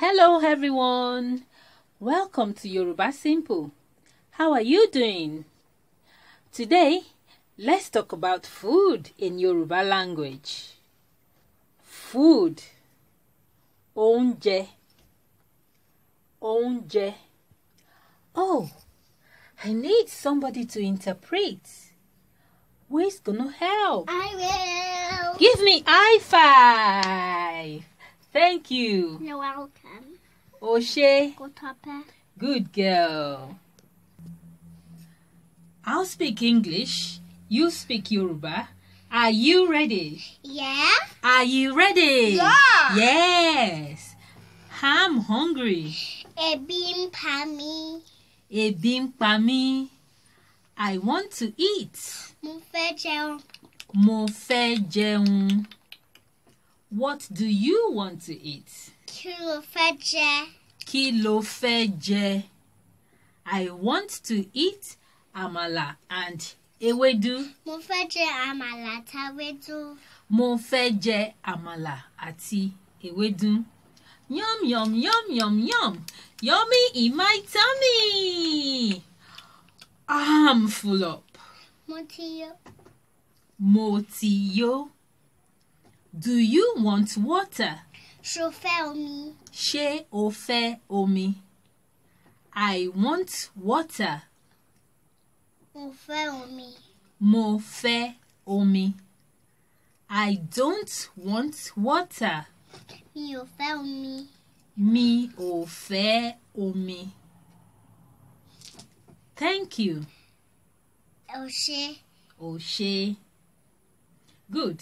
Hello everyone. Welcome to Yoruba Simple. How are you doing? Today, let's talk about food in Yoruba language. Food. Oúnjẹ. Oúnjẹ. Oh, I need somebody to interpret. Who's gonna help? I will. Give me I five. Thank you. You're welcome. O ṣé. Kò tọ́pẹ́. Good girl. I'll speak English. You speak Yoruba. Are you ready? Yeah. Are you ready? Yeah. Yes. I'm hungry. Ebi ń pa mí. Ebi ń pa mí. I want to eat. Mo fẹ́ jẹun. Mo fẹ́ jẹun. What do you want to eat? Kí lo fẹ́ jẹ? Kí lo fẹ́ jẹ? I want to eat amala and ewedu. Mo fẹ́ jẹ àmàlà àtàwédú. Mo fẹ́ jẹ àmàlà àti ewédú. Yum yum yum yum yum. Yummy in my tummy. I'm full up. Mo ti yó. Mo ti yó. Do you want water? Ṣé o fẹ́ omi? Ṣé o fẹ́ omi? I want water. Mo fẹ́ omi. Mo fẹ́ omi. I don't want water. Mi ò fẹ́ omi. Mi ò fẹ́ omi. Thank you. Ẹ ò ṣé. Ò ṣé. Good.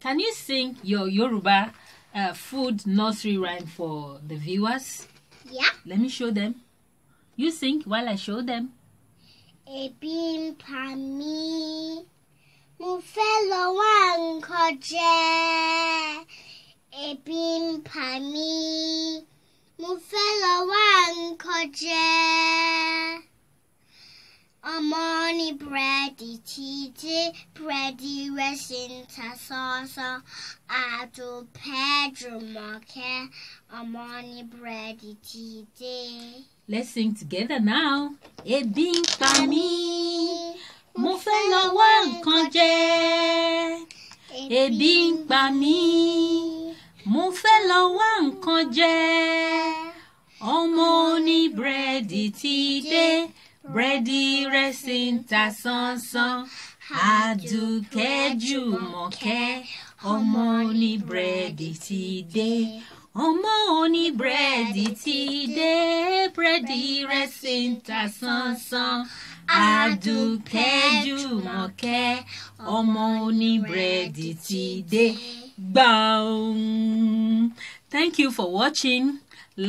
Can you sing your Yoruba uh, food nursery rhyme for the viewers? Yeah. Let me show them. You sing while I show them. Ebi mí, mo fẹ́ lọ wá nǹkan jẹ. Ebi mí, mo fẹ́ lọ wá nǹkan jẹ. A morning bready cheesy, bready resin salsa, do pedro market, a morning bready cheesy. Let's sing together now. Ebi ń for me. mo fẹ́ lọ wá nǹkan jẹ. Ebi ń pa mí, mo fẹ́ lọ wá nǹkan jẹ. Ọmọ oní ti dé búrẹ́dì rẹ́sì ń ta sánsán àdùkẹ́ jùmọ̀kẹ́ ọmọ ní búrẹ́dì ti dé ọmọ òní búrẹ́dì ti dé búrẹ́dì rẹ́sì ń ta sánsán àdùkẹ́ jùmọ̀kẹ́ ọmọ òní búrẹ́dì ti dé gbà ohun. Thank you for watching.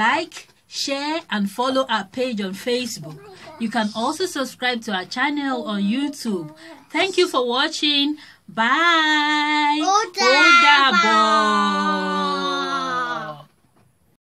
Like, share, and follow our page on Facebook. You can also subscribe to our channel on YouTube. Thank you for watching. Bye. Ó dàbọ̀. Ó